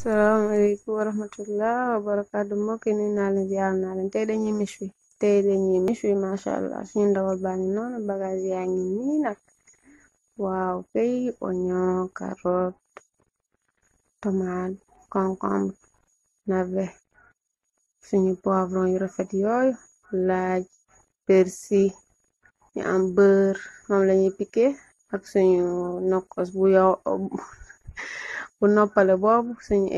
salaamaaleykum wa rahmatullah wa barakaatu mbokk yi nuyu naa leen ziar naa wi tey dañuy wi macha allah suñu ndawal baa ngi noonu bagage yaa ngi nii nag waaw kay oignon carotte tomate concombre poivron yu rafet yooyu laaj persil ñu am beurre moom lañuy piqué ak suñu nokkos bu yow bu noppale boobu suñu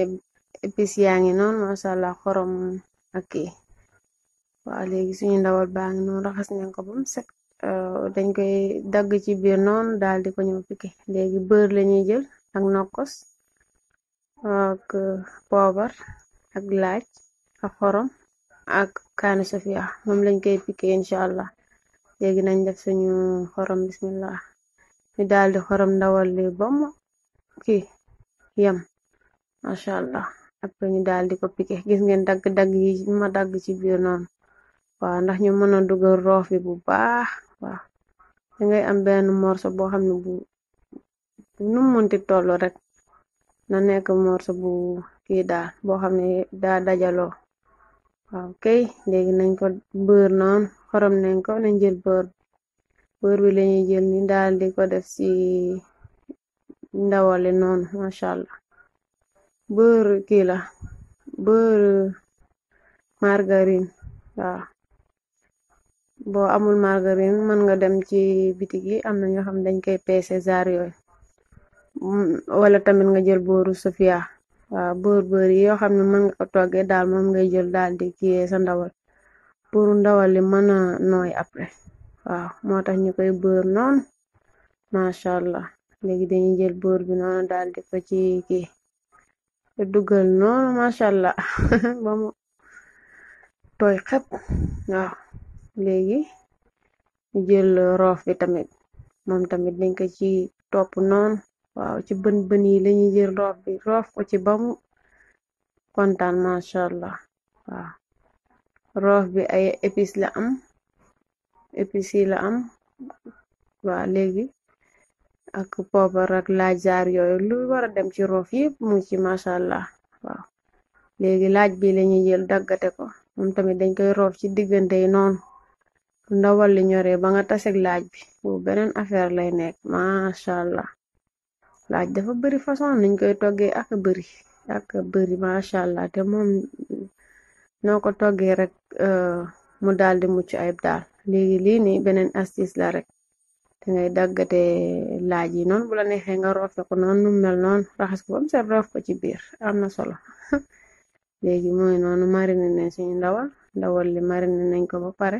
épices yaa ngi noonu masha xorom ak yi waaw léegi suñu ndawal baa ngi noonu raxas nañ ko bam set dañ koy dagg ci biir noonu daal di ko ñëw piqué léegi bër ñuy jël ak nokkos ak poobar ak laaj ak xorom ak kaani sofia moom lañ koy piqué incha allah léegi nañ def suñu xorom bismillah ñu daal di xorom ndawal li bam kii yam macha allah après ñu dal di ko piqué gis ngeen dag dag yi ma dag ci biir non wa ndax ñu mëna duggal roof bi bu baax wa da ngay am benn morso bo xamni ne bu nu munti toll rek na nekk morso bu ki daal bo xamni da dajalo wa waaw kay léegi nañ ko bër non xorom nañ ko nañ jël bër bër bi lañuy jël ni dal di ko def si ndawale non machallah beurre kii la beurre margarine waaw boo amul margarine mën nga dem ci bitig yi am na ñoo xam dañ koy peese zaar yooyu mm, wala tamit nga jël booru sofia waaw bër bër yi yoo xam ne mën nga ko toggee daal moom ngay jël daal di kiyee sa ndawal pour ndawal li mën a nooy après waaw moo tax ñu koy allah léegi dañuy jël boor bi noonu daal di ko ci kii dugal noonu macha allah tooy xep waaw léegi ñu jël roof bi tamit moom tamit dañ ko ci topp noonu waaw ci bën bën yi lañuy jël roof bi roof ko ci ba mu kontaan macha allah roof bi ay épices la am épices yi la am waaw léegi ak pobar ak laaj jaar yooyu ya. lu wara dem ci rof yëpp mu ci macha waaw léegi laaj bi la jël daggate ko moom tamit dañ koy rof ci diggante yi noonu ndawal li ñoree ba nga taseg laaj bi bu beneen affaire lay nekk macha laaj dafa bari façon nañ koy toggee ak bari ak bari macha allah te moom noo ko toggee rek eh, mu daldi mucc ayib daal léegi lii ni beneen astuce la rek. te ngay daggate laaj yi noonu bu la neexee nga roofe ko noonu nu mel noonu raxas ko bam set roof ko ci biir am na solo léegi mooy noonu marine nañ suñu ndawal ndawal li marine nañ ko ba pare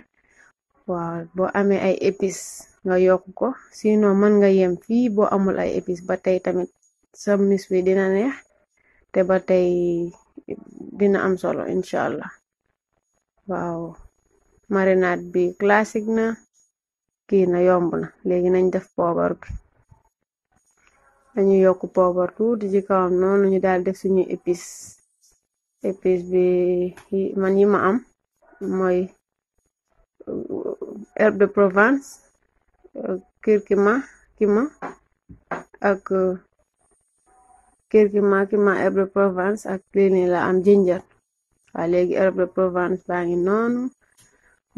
waaw boo amee ay épices nga yokk ko si sinon man nga yem fii boo amul ay épices ba tey tamit sa mis bi dina neex te ba tey dina am solo incha allah waaw marinade bi classique na kii a yomb na léegi nañ def poobar bi dañu yokk poobar tuuti ci kawam noonu ñu daal def suñu épice épice bi man yi ma am mooy euh, herbe de Provence kirkima euh, kima ak euh, kima herbe de Provence ak lii nii la am jinjar waa léegi herbe de Provence baa noonu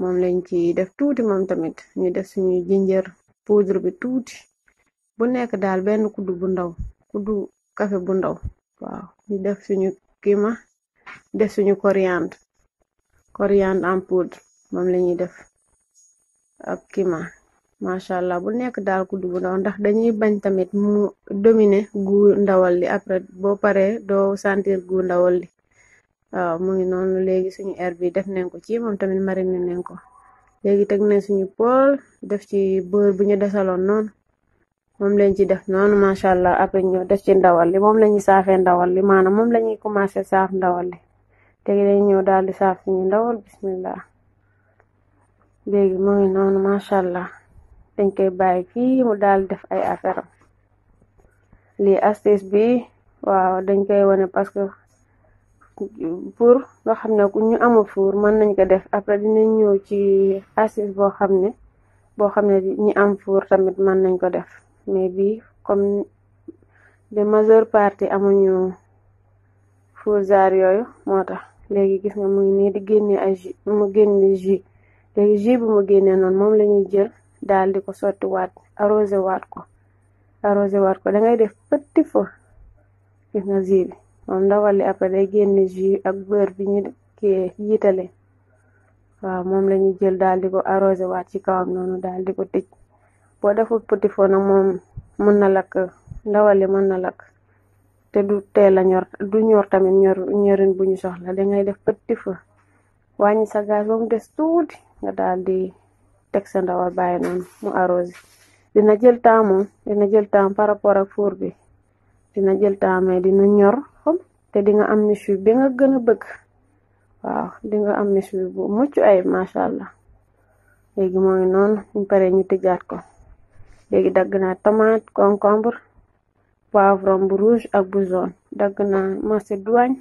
mom lañ ci def tuuti mom tamit ñu def suñu ginger poudre bi tuuti bu nekk daal benn kuddu bu ndaw kuddu café bu ndaw waaw ñu def suñu kima def suñu coriandre coriandre en poudre moom lañuy def ak kima macha allah bu nekk daal kuddu bu ndaw ndax dañuy bañ tamit mu dominer gu ndawal li après bo paré do sentir gu ndawal li waaw mu ngi noonu léegi suñu air bi def nañ ko ci moom tamit marine nañ ko léegi teg nañ suñu pool def ci beurre bu ñu desaloon noonu moom lañ ci def noonu macha allah après ñu def ci ndawal li moom la ñuy saafee ndawal li maanaam moom la ñuy commencé saaf ndawal li léegi dañ ñëw daal di saaf ndawal bismillah léegi mu ngi noonu macha allah dañ koy bàyyi fii mu daal def ay affaire am lii astis bi waaw dañ koy wane parce que. pour nga xam ne ñu amul four mën nañ ko def après dinañ ñëw ci assise boo xam ne boo xam ne ñi am fuur tamit mën nañ ko def mais bii comme de majeure partie amuñu fuur zaar yooyu moo tax léegi gis nga mu ngi nii di génne ay jus mu génne jus léegi jus bu mu moom la jël daal di ko sotti waat arrosé waat ko arrosé waat ko da ngay def petit feu gis nga jus bi moom ndawal li après day génne jus ak bër bi ñu kii yiitale waaw moom la ñuy jël daal di ko arrosé waat ci kawam noonu daal di ko tëj boo deful petit fond nag moom mën na lakk ndawal li mën na lakk te du teel a ñor du ñor tamit ñor ñorin bu ñu soxla da ngay def petit feu wàññi sa gaz ba des tuuti nga daal di teg sa ndawal bàyyi noonu mu arrosé dina jël temps moom dina jël temps par rapport ak four bi dina jël temps mais dina ñor. te di nga am miche bi nga gën a bëgg waaw di nga am miche bu mucc ay macha allah léegi mooy noonu ñu pare ñu tëjaat ko léegi dagg naa tomate concombre poivron bu rouge ak bu jaune dagg naa macédoine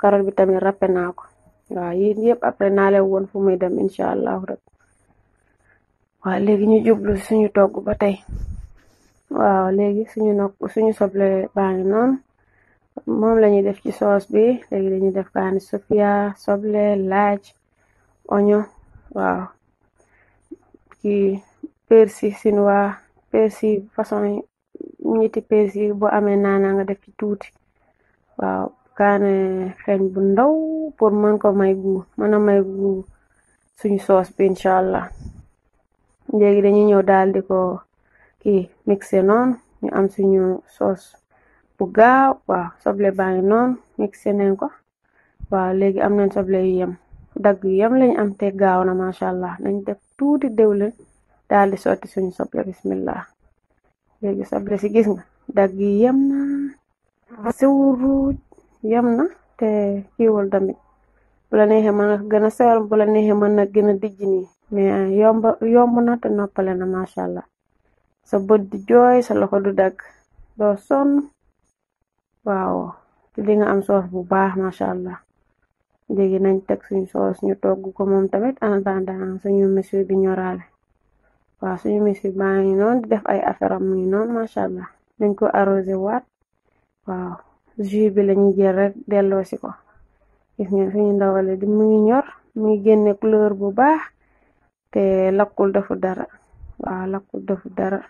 carotte bi tamit râpé naa ko waaw yi yëpp après naa leen woon fu muy dem incha allah rek waaw léegi ñu jublu suñu togg ba tey waaw léegi suñu nokk suñu soble baa ngi noonu moom lañuy def ci soos bi léegi dañuy def kaani sofia soble laaj oignon waaw ki persil chinois persil façon ñetti persil boo amee naana nga def ci tuuti waaw kaane xeeñ bu ndaw pour mën ko may gu mëna may gu suñu soos bi incha allah léegi dañuy ñëw daal di ko ki mixé noon ñu am suñu soos bu gaaw waaw soble baa ngi noonu mixé nañ ko waaw léegi am nañ soble yu yem dagg yem lañ am te gaaw na macha allah nañ def tuuti dewlin daal di sotti suñu soble bismillah léegi soble si gis nga dagg yi yem na siwruuj yem na te kiiwul tamit bu la neexee na gën a sewal bu la mën na gën a dijj nii mais yomb yomb na te noppale na macha allah sa bët di jooy sa loxo du sonn waaw li nga am soos bu baax macha allah léegi nañ teg suñ soos ñu togg ko moom tamit en attendant suñu monsieur bi ñoraale waaw suñu monsieur baa ngi noonu di def ay affaire am ngi noonu macha allah nañ ko arrosé waat waaw jus bi lañu jël rek delloo si ko gis ngeen suñu ndawale di mu ngi ñor mu ngi génne couleur bu baax te lakkul defu dara waaw lakkul defu dara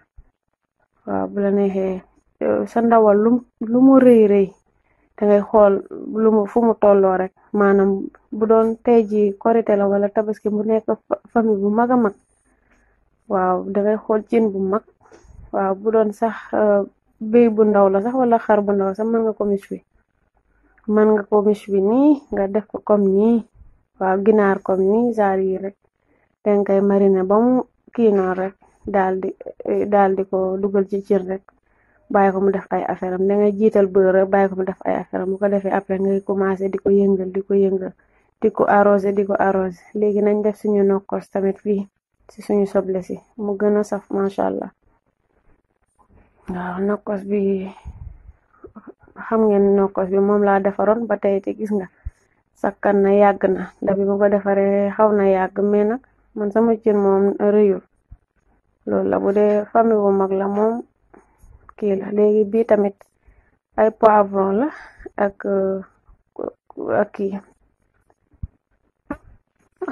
waaw bu la neexee Eh, sa ndawal lu lu mu rëy rëy da ngay xool lu mu fu mu tolloo rek maanaam bu doon tey ji korite la wala tabaski mu nekk famille bu mag a mag waaw da ngay xool cin bu mag waaw bu doon sax eh, béy bu ndaw la sax wala xar bu ndaw sax mën nga ko nga ko nga def ko comme nii waaw ginaar comme nii genre yi rek danga koy mariner ba mu kii rek daal di eh, daal di ko dugal ci cin rek bàyyi ko mu def ay affaire am da nga jiital bulo rek bàyyi ko mu def ay affaire am bu ko defee après ngay commencé di ko yëngal di ko yëngal di ko arrosé di ko arrosé léegi nañ def suñu nokkos tamit fii si suñu soble si mu gën a saf macha allah waaw nokkos bi xam ngeen nokkos bi moom laa defaroon ba tey te gis nga sakkan na yàgg na dabi bu ko defaree xaw na yàgg mais nag man sama cin moom rëyul loolu la bu dee famille bu mag la moom kii la léegi bii tamit ay poivron la ak ak kii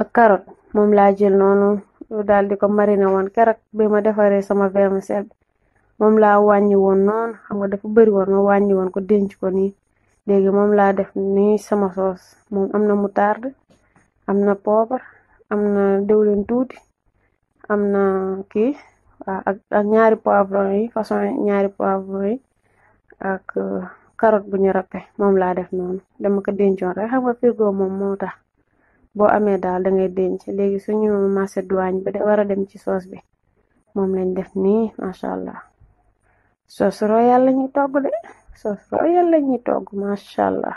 ak carotte moom laa jël noonu daal di ko mariner woon keroog bi ma defaree sama vermicelle bi moom laa wàññi woon noonu xam nga dafa bëri woon ma wàññi woon ko denc ko nii léegi moom laa def nii sama soos moom am na moutarde am na poobar am na diwlin tuuti am na kii waaw ak ak ñaari poivron yi façon ñaari poivron yi ak euh, carotte bu ñu râpé moom laa def noonu dama ko dencoon rek xam nga frigo moom moo tax boo amee daal da ngay denc léegi suñu macédoine bi da war a dem ci soos bi moom lañ def nii macha allah soos royal la ñuy togg de soos royal la ñuy togg macha allah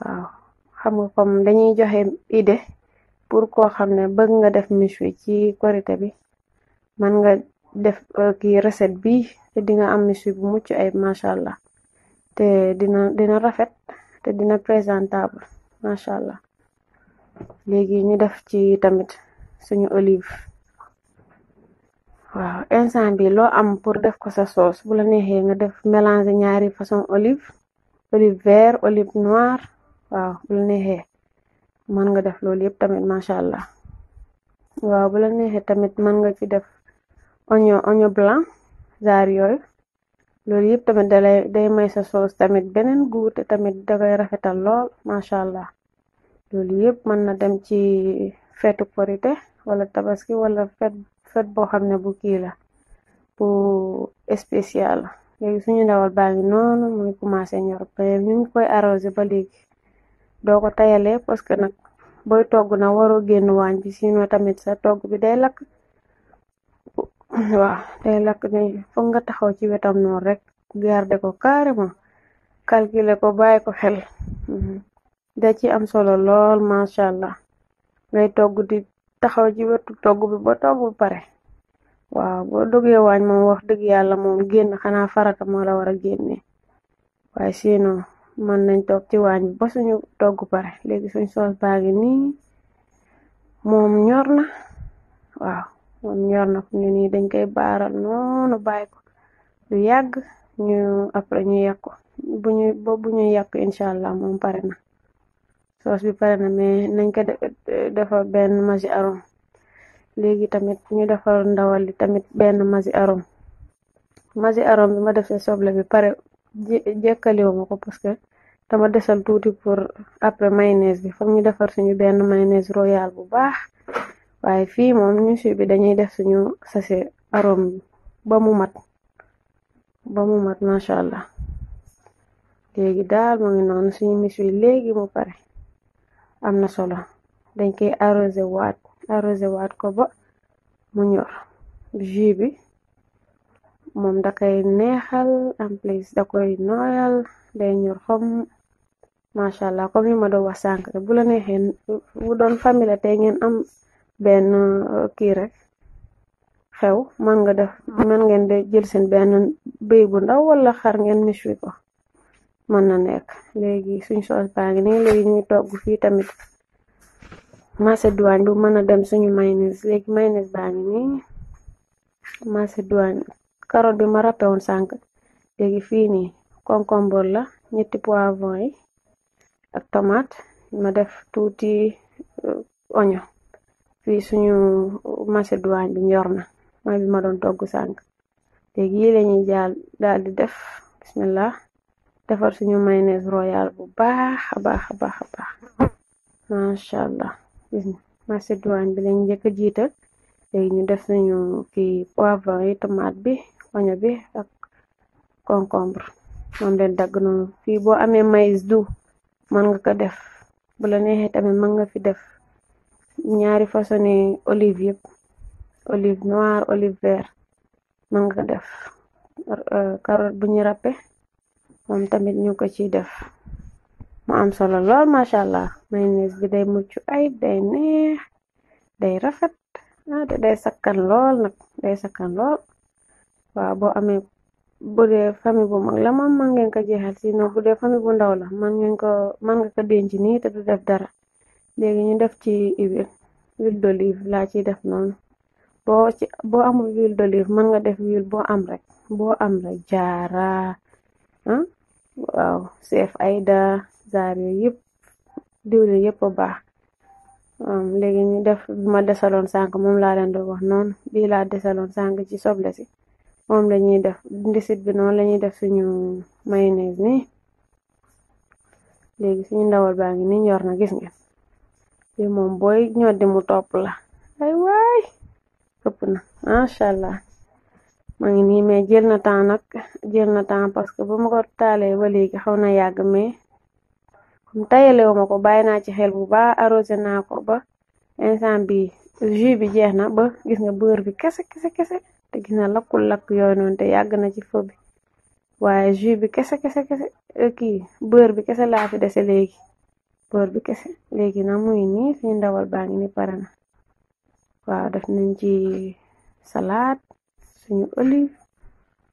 waaw xam nga comme dañuy joxe idée pour koo xam ne bëgg nga def méchoui ci korité bi man nga def eh, ki recette bi te di nga am misu bu mucc ay machallah allah te dina dina rafet te dina présentable machallah allah ñu def ci tamit suñu olive waaw instant bi loo am pour def ko sa sauce bu la neexee nga def mélanger ñaari façon olive olive vert olive noir waaw bu la neexee man nga def loolu yëpp tamit macha allah waaw bu la neexee tamit man nga ci def oignon oignon blanc genre yooyu loolu yëpp tamit dalay day may sa sauce tamit beneen guute tamit da rafetal lool macha allah loolu yëpp mën na dem ci feetu porité wala tabaski wala fet fet boo xam ne bu kii la bu spécial la léegi suñu ndawal baa ngi noonu muy commencé ñor ñu ngi koy arrosé ba léegi doo ko tayalee parce que nag booy togg na waroo génn waañ bi sinon tamit sa togg bi day lakk waaw day lakk ni nga taxaw ci wetam noonu rek garder ko carrément calculer ko bàyyi ko xel mhm. da ci am solo lool macha allah ngay togg di taxaw ci wetu togg bi ba togg bi pare waaw boo dogee waañ moom wax dëgg yàlla moom génn xanaa farata moo la war a génne waaye sinon mën nañ toog ci waañ bi ba suñu togg pare léegi suñ soos baa ngi nii moom ñor na waaw moom ñor na ko ñu ni dañ koy baaral nonu bàyyi ko lu ñu après ñu yàq ko bu ñu bu ñu yàq incha allah na sos bi paré na mais nañ ko defar ben magi arom légui tamit ñu defar ndawal li tamit ben magi arom magi arom bi ma defé soble bi pare jekkaliwu ma ko parce que dama desal tuuti pour après mayonnaise bi foog ñu defar suñu ben mayonnaise royal bu baax waaye fii moom ñu si bi dañuy def suñu sase arôme ba mu mat ba mu mat macha allah léegi daal mu ngi noonu suñu missu wi léegi mu pare am na solo dañ koy arrosé waat arrosé waat ko ba mu ñor jus bi moom da koy neexal en plus dakoy koy nooyal day ñor xom macha allah comme li ma doon wax sànq bu la neexee bu doon famille la tey ngeen am ben eh, ki rek xew man nga def man ngeen de jël seen ben béy bu ndaw wala xar ngeen méchoui ko man na nek léegi suñ soos baa ngi nii léegi togg fi tamit macédoine bu mëna dem suñu mayonnaise léegi mayonnaise baa ngi nii macédoine carotte bi ma ràppe won sank léegi fi ni concombre la ñetti poivron yi ak tomate ma def tuuti eh, oignon fi suñu macédoine bi ñor na mooy bi ma doon togg sànq léegi yi lañuy jaal daal di def bismillah defar suñu mayonnaise royal bu baax a baax a baax a baax macha allah gis nga macédoine bi lañ njëkk a jiital léegi ñu def suñu kii poivron yi tomate bi oño bi ak concombre moom leen dagg noonu fii boo amee maïs du mën nga ko def bu la neexee tamit mën nga fi def ñaari façon olive yépp olive noir olive vert mën nga def euh, carotte bu ñu ràppe moom tamit ñu ko ciy def mu am solo lool machallah allah mayonnaise bi day mucc ay day neex day rafet ah, te day sakkan lool nag day sakkan lool waa boo amee bu dee famille bu mag la moom mën ngeen ko jeexal sinon bu famille bu ndaw la mën ngeen ko mën nga ko denc nii te du def dara léegi ñu def ci huile huile d'olive laa ciy def noonu boo ci boo amul huile d'olive mën nga def huile boo am rek boo am rek jaara ah waaw seef ayda zaar yooyu yëpp diwlin yëpp a baax um, léegi ñu def bi ma desaloon sànq moom laa leen doon wax noonu bii laa desaloon sànq ci soble si moom la def ndisit bi noonu la def suñu mayonnaise léegi suñu ndawal baa ngi ni ñor na gis ngeen bi moom booy ñoddi mu topp la ay waay ëpp na macha allah maa ngi nii mais jël na temps nag jël na temps parce que ba ma ko taalee ba léegi xaw na yàgg mais comme tayalewu ma ko bàyyi naa ci xel bu baax arrosé naa ko ba instant bi jus bi jeex na ba gis nga beurre bi kese kese kese te gis na lakkul lakk yooyu noonu te yàgg na ci fo bi waaye jus bi kese kese kese bër bi kese laa fi dese léegi boor bi kese legi nag muy nii suñu ndawal baa ngi ni parana na waaw def nañ ci salade suñu olive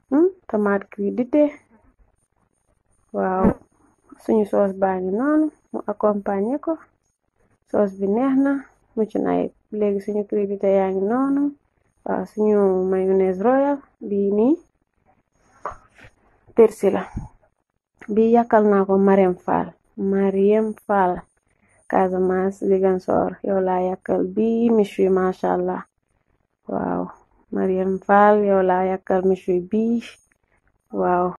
hmm, tomate dité waaw suñu sauce baa ngi noonu nah, mu accompagner ko sauce bi neex na ci nay legi léegi suñu crudité yaa ngi nah. non waaw suñu mayonnaise royal bi ni persila bi yakal nako marem Fall Mariem Fall Casamance Ziguinchor yow laa yàkkal bi mich wi macha waaw Mariem Fall yow laa yàkkal mich wi bi waaw